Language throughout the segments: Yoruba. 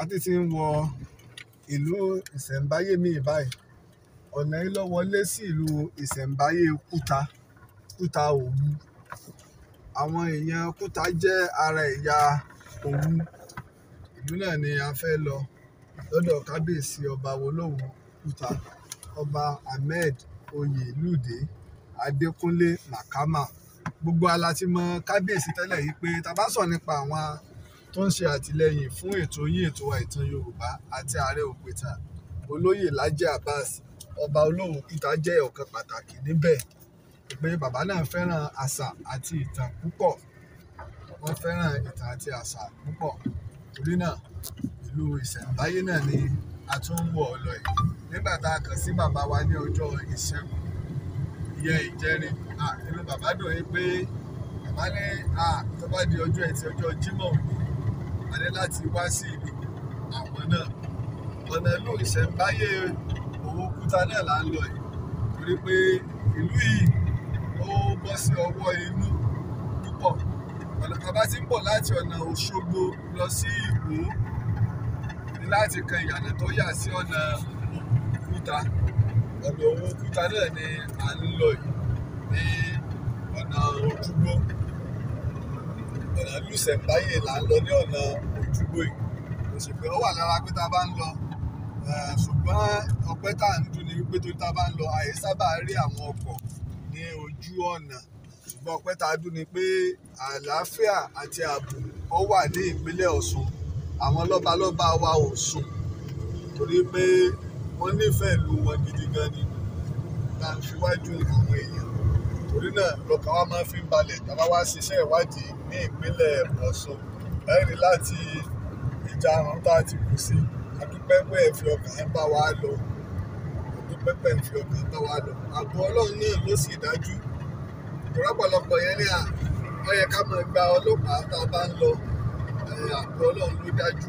a ti ti ń wọ ìlú ìṣẹ̀ǹbáyé míì báyìí ọ̀nà yìí ló wọlé sí ìlú ìṣẹ̀ǹbáyé kúta kúta òwu àwọn èèyàn kúta jẹ́ ara ẹ̀yà òwu ìlú náà ni a fẹ́ lọ lọ́dọ̀ kábíyèsí ọba wolówu kúta ọba ahmed oyèlúdé adékúnlé màkàmá gbogbo aláti mọ kábíyèsí tẹ́lẹ̀ yìí pé tá bá sọ nípa àwọn tó ń ṣe àtìlẹ́yìn fún ètò yín ètò wa Yorùbá àti Ààrẹ Òpìtàn Olóyè Laji Abbas Ọba Olówu Kútà jẹ́ ọ̀kan pàtàkì níbẹ̀ pé bàbá náà fẹ́ràn àṣà àti ìtàn púpọ̀ wọ́n fẹ́ràn ìtàn àti àṣà púpọ̀ torí náà ìlú ìṣẹ̀ǹbáyé náà ni a tún ń wọ̀ ọ́ yìí nígbà tá a kàn sí bàbá wa ní ọjọ́ ìṣẹ́gun ìyẹn ìjẹrin inú bàbá dùn yín pé bàbá ní tó bá di ọjọ́ ẹtì ọjọ́ Jímọ̀ òní a láti wá sí ibi àwọn náà ọ̀nà ìlú ìṣẹ̀ǹbáyé Òwòkúta náà là ń lọ yìí torí pé ìlú yìí ó bọ́ sí ọwọ́ inú púpọ̀ ọ̀nà kan ti ń bọ̀ láti ọ̀nà Òṣogbo lọ sí Ìwó ní láti kan ìyànà tó yà sí ọ̀nà Òwòkúta ọ̀nà Òwòkúta náà ni à ń lọ yìí ní ọ̀nà Ojúgbó ọ̀nà lùsẹ̀ǹbáyè là ń lọ ní ọ̀nà ojúgbò yìí kò sì pé ó wà lára pé tá a bá ń lọ ṣùgbọ́n ọpẹ́ tá à ń dún ni wípé tó tá a bá ń lọ àyè sábà rí àwọn ọkọ̀ ní ojú ọ̀nà ṣùgbọ́n ọpẹ́ tá a dún ni pé àlàáfíà àti ààbò ó wà ní ìpínlẹ̀ Ọ̀ṣun àwọn lọ́balọ́ba wa ò sùn torí pé wọ́n nífẹ̀ẹ́ ìlú wọn gidi gan ni tá a fi wájú àwọn èèyàn torí náà lọ́kàn wa máa fi ń balẹ̀ tàbá wá ṣiṣẹ́ ìwádìí ní ìpínlẹ̀ Ọ̀ṣun ẹ̀rí láti ìjàrún tá a ti kù sí àdúpẹ́ pé ẹ fi ọkàn ẹ bá wa lọ àdúpẹ́ pé ẹ fi ọkàn ẹ bá wa lọ àbò Ọlọ́run náà ló sì dájú ìrọ́pọ̀lọpọ̀ yẹn ní à wọ́n yẹ ká máa gba ọlọ́pàá tá a bá ń lọ àbò Ọlọ́run ló dájú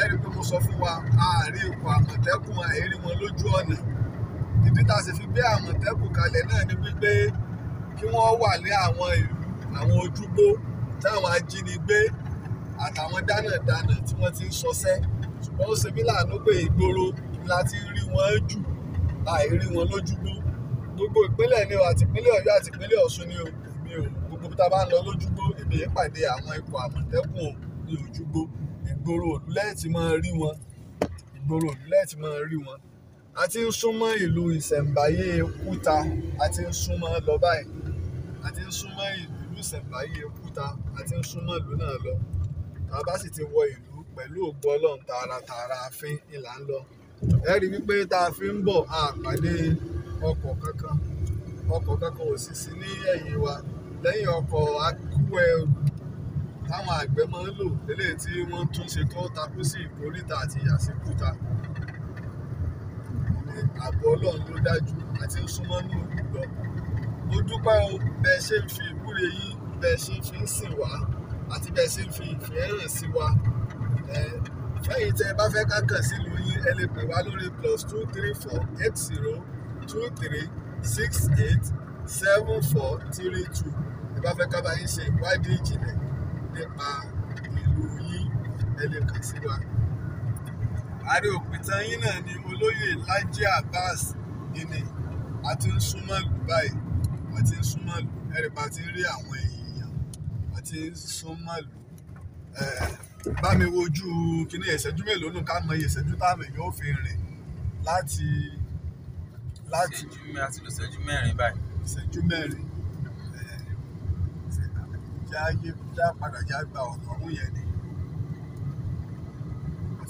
ẹ̀rí pé mo sọ fún wa àárín ikọ̀ àmọ̀tẹ́kùn àìrí wọn lójú ọ̀nà ìdí tá a sì fi gbé àmọ̀tẹ́kùn kalẹ̀ náà ni wípé kí wọ́n wà ní àwọn ìlú àwọn ojúgbó táwọn ajínigbé àtàwọn dánàdánà tí wọ́n ti ń ṣọṣẹ́ ṣùgbọ́n ó ṣe mí láàánú pé ìgboro láti rí wọn jù láì rí wọn lójúgbó gbogbo ìpínlẹ̀ ni o àti ìpínlẹ̀ ọ̀yọ́ àti ìpínlẹ̀ ọ̀ṣun ni o mi ò gbogbo tá a bá ń lọ lójúgbó ibi ìpàdé àwọn ikọ̀ àmọ̀tẹ́kùn ní ojúgbó ìgboro òdúlẹ̀ ti máa rí wọn ìgboro òdúlẹ̀ ti máa rí wọn a ti ń súnmọ́ ìlú ìṣẹ̀ǹbáyé kúta a ti ń súnmọ́ lọ báyìí a ti ń súnmọ́ ìlú ìṣẹ̀ǹbáyé kúta a ti ń súnmọ́ ìlú náà lọ tá a bá sì ti wọ ìlú pẹ̀lú ògbó ọlọ́run tààràtààrà àfin ìlà ń lọ ẹ rí wípé tá a fi ń bọ̀ a pàdé ọkọ̀ kankan ọkọ̀ kankan ò sì sí ní ẹ̀yìn wa lẹ́yìn ọkọ̀ akú ẹrù táwọn àgbẹ̀ máa ń lò eléyìí tí wọ́n tún ṣe tó takú sí ìkórìtà àti ìyàsíkúta pé ààbò ọlọ́run ló dájú àti ń súnmọ́ ní òru lọ mo dúpẹ́ o bẹ́ẹ̀ ṣe ń fi ìwúre yín bẹ́ẹ̀ ṣe fi ń sìn wá àti bẹ́ẹ̀ ṣe ń fi ìfẹ́ hàn sí wa fẹ́yìn tẹ́ ẹ bá fẹ́ ká kàn sílùú yín ẹ lè pè wá lórí plus two three four eight zero two three six eight seven four three two ẹ bá fẹ́ ká bá yín ṣe ìwádìí ìjìnlẹ̀ nípa ìlú yín ẹ lè kàn sí wa ààrẹ òpìtàn yín náà ni olóyè Laji Abbas ìní àti ń súnmọ́ lù báyìí àti ń súnmọ́ lù ẹ̀rẹ̀pà ti ń rí àwọn èèyàn àti ń súnmọ́ lù bá mi wojú kíní ìṣẹ́jú mélòó nù ká mọ iye ìṣẹ́jú táwọn èèyàn ò fi rìn láti láti ìṣẹ́jú mẹ́rin báyìí ìṣẹ́jú mẹ́rin já yé já padà já gba ọ̀nà ọ̀hún yẹn ni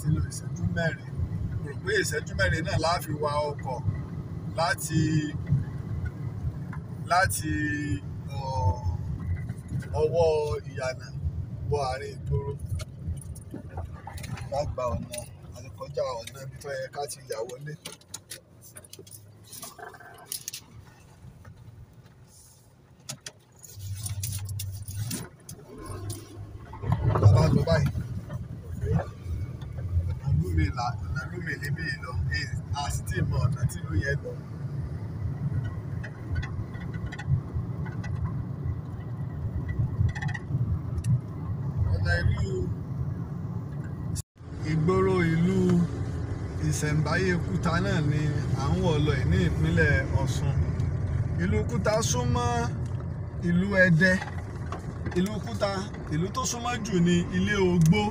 ti lo ìṣẹ́jú mẹ́rin mo rò pé ìṣẹ́jú mẹ́rin náà láà fi wa ọkọ̀ láti láti ọwọ́ ìyànà wọ àárín ìgboro lágbà ọ̀nà àti kọjá ọ̀nà tó yẹ ká ti yà wọlé. la ọ̀nà lómìnira bí e a sì ti mọ ọ̀nà tí ló yẹ lọ. ọ̀nà ìlú ìgboro ìlú ìṣẹ̀ǹbáyé kúta náà ni à ń wọ̀ lọ ní ìpínlẹ̀ Ọ̀ṣun ìlú kúta súnmọ́ ìlú Ẹdẹ ìlú kúta ìlú tó súnmọ́ jù ní ilé ogbó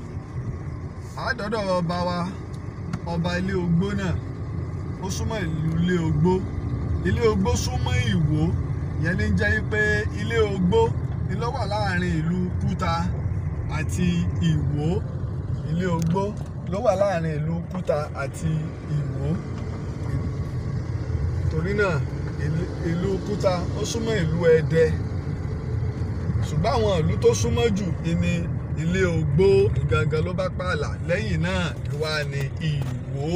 àádọ́dọ̀ ọba wa ọba ilé ogbó náà ó súnmọ́ ìlú ilé ogbó ilé ogbó súnmọ́ ìwó yẹn ní jẹ́ pé ilé ogbó ni ló wà láàrin ìlú kúta àti ìwó ilé ogbó ló wà láàrin ìlú kúta àti ìwó torí náà ìlú kúta ó súnmọ́ ìlú ẹdẹ ṣùgbọ́n àwọn ìlú tó súnmọ́ jù ni ilé ogbó ìgangan ló bá pààlà lẹ́yìn náà ìwà ni ìwò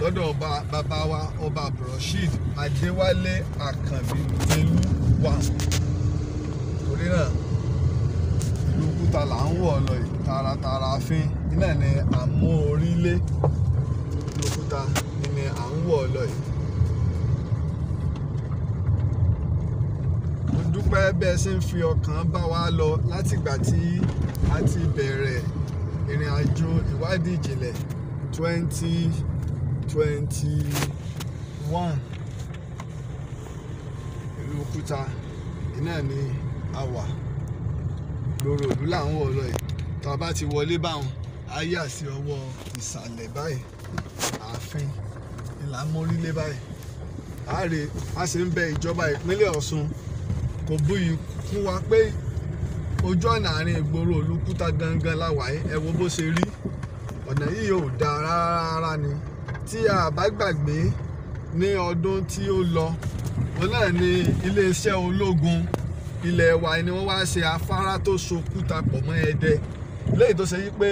lọ́dọ̀ ọba bàbá wa ọba Abdulrasheed Adéwálé Àkànbí ìlú wa torí náà ìlú kúta là ń wọ̀ lọ tààràtààrà fín iná ni àmú orílẹ̀ ìlú kúta ni à ń wọ̀ lọ yìí. nípa bẹ́ẹ̀ ṣe ń fi ọkàn bá wa lọ látìgbà tí a ti bẹ̀rẹ̀ ìrìn àjò ìwádìí ìjìnlẹ̀ 2021 ìlú òkúta iná ni a wà lóró òlú làwọn ọ̀rọ̀ ẹ̀ tá a bá ti wọlé báwọn á yà sí ọwọ́ ìsàlẹ̀ báyìí ààfin ìlàmórílé báyìí àárẹ̀ a sì ń bẹ ìjọba ìpínlẹ̀ Ọ̀ṣun kò buyì kún wa pé ojú ọ̀nà àárín ìgboro olùkúta gangan láwàáyé ẹ wo bó ṣe rí ọ̀nà yìí ò dáa rárá ni tí a bá gbàgbé ní ọdún tí ó lọ òun náà ni iléeṣẹ́ ológun ilẹ̀ wa ni wọ́n wá ṣe afárá tó so kúta pọ̀ mọ́ ẹdẹ léyìí tó ṣe yí pé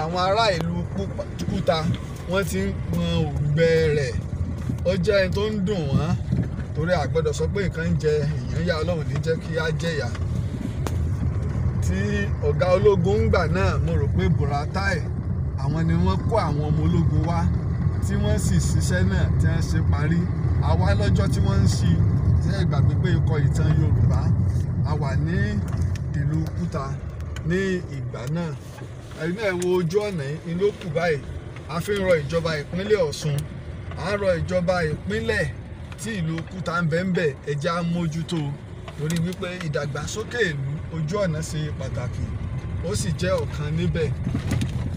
àwọn ará ìlú kúta wọ́n ti ń pọn òǹgbẹ rẹ̀ ó jẹ́ ẹni tó ń dùn wọ́n torí a gbọ́dọ̀ sọ pé nǹkan ń jẹ èèyàn yá ọlọ́run ní jẹ́ kí á jẹ̀yà tí ọ̀gá ológun ń gbà náà mo rò pé buratai àwọn ni wọ́n kó àwọn ọmọ ológun wá tí wọ́n sì ṣiṣẹ́ náà tí wọ́n ṣe parí àwa lọ́jọ́ tí wọ́n ń ṣi ṣe é gbàgbé ikọ̀ ìtàn yorùbá a wà ní ìlú kúta ní ìgbà náà ẹ̀yin náà wo ojú ọ̀nà ìlú kù báyìí a fi ń rọ ìjọba ìpínlẹ̀ ọ̀ṣun à ń rọ ìjọba ìpínlẹ̀ tí ìlú kúta ń bẹ́ńbẹ́ ẹja mójútó torí wípé ìdàgbàsókè ìlú ojú ọ̀nà ṣe pàtàkì ó sì jẹ́ ọ̀kan níbẹ̀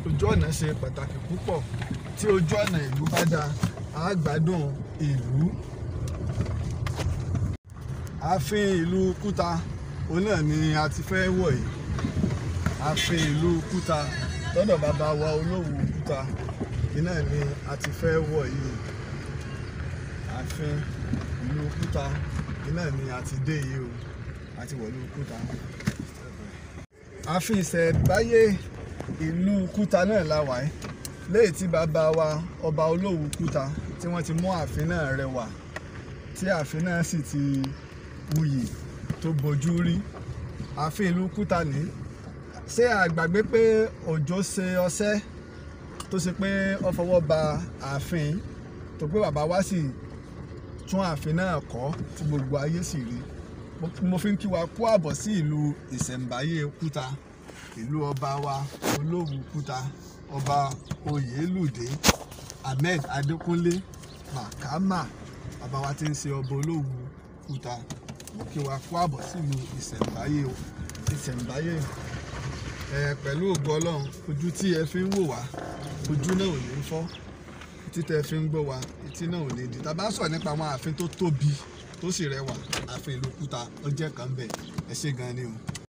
ojú ọ̀nà ṣe pàtàkì púpọ̀ tí ojú ọ̀nà ìlú bá dáa á gbádùn ìlú. ààfin ìlú kúta òun náà ni a ti fẹ́ wọ̀ yìí ààfin ìlú kúta lọ́dọ̀ bàbá wa olówù kúta iná ni a ti fẹ́ wọ̀ yìí ààfin ìlú kúta iná ni a ti dé yìí o a ti wọ̀lú kúta. ààfin ìṣẹ̀ǹbáyé ìlú kúta náà la wà yìí léyìí tí bàbá wa ọba olówú kúta tí wọ́n ti mú ààfin náà rẹwà tí ààfin náà sì ti wuyì tó bojú rí ààfin ìlú kúta ní ṣé àgbàgbé pé òjò ṣe ọṣẹ́ tó ṣe pé ó ba ààfin tó pé bàbá wa sì tún ààfin náà kọ́ tí gbogbo ayé sì rí mo fi ń kí wa kú àbọ̀ sí ìlú ìṣẹ̀ǹbáyé kúta ìlú ọba wa olówù kúta ọba oyèlúdé ahmed adékúnlé màkàmà bàbá wa tí ń ṣe ọba olówù kúta mo kí wa kú àbọ̀ sí ìlú ìṣẹ̀ǹbáyé ìṣẹ̀ǹbáyé ẹ̀ pẹ̀lú ògo ọlọ́run ojú tí ẹ fi ń wò wá ojú náà ò ní fọ́ etí tẹ fi ń gbọ́ wa etí náà ò ní di tàbá sọ nípa àwọn ààfin tó tóbi tó sì rẹwà ààfin ìlú kúta ó jẹ́ kan bẹ̀ ẹ ṣé gan ni o.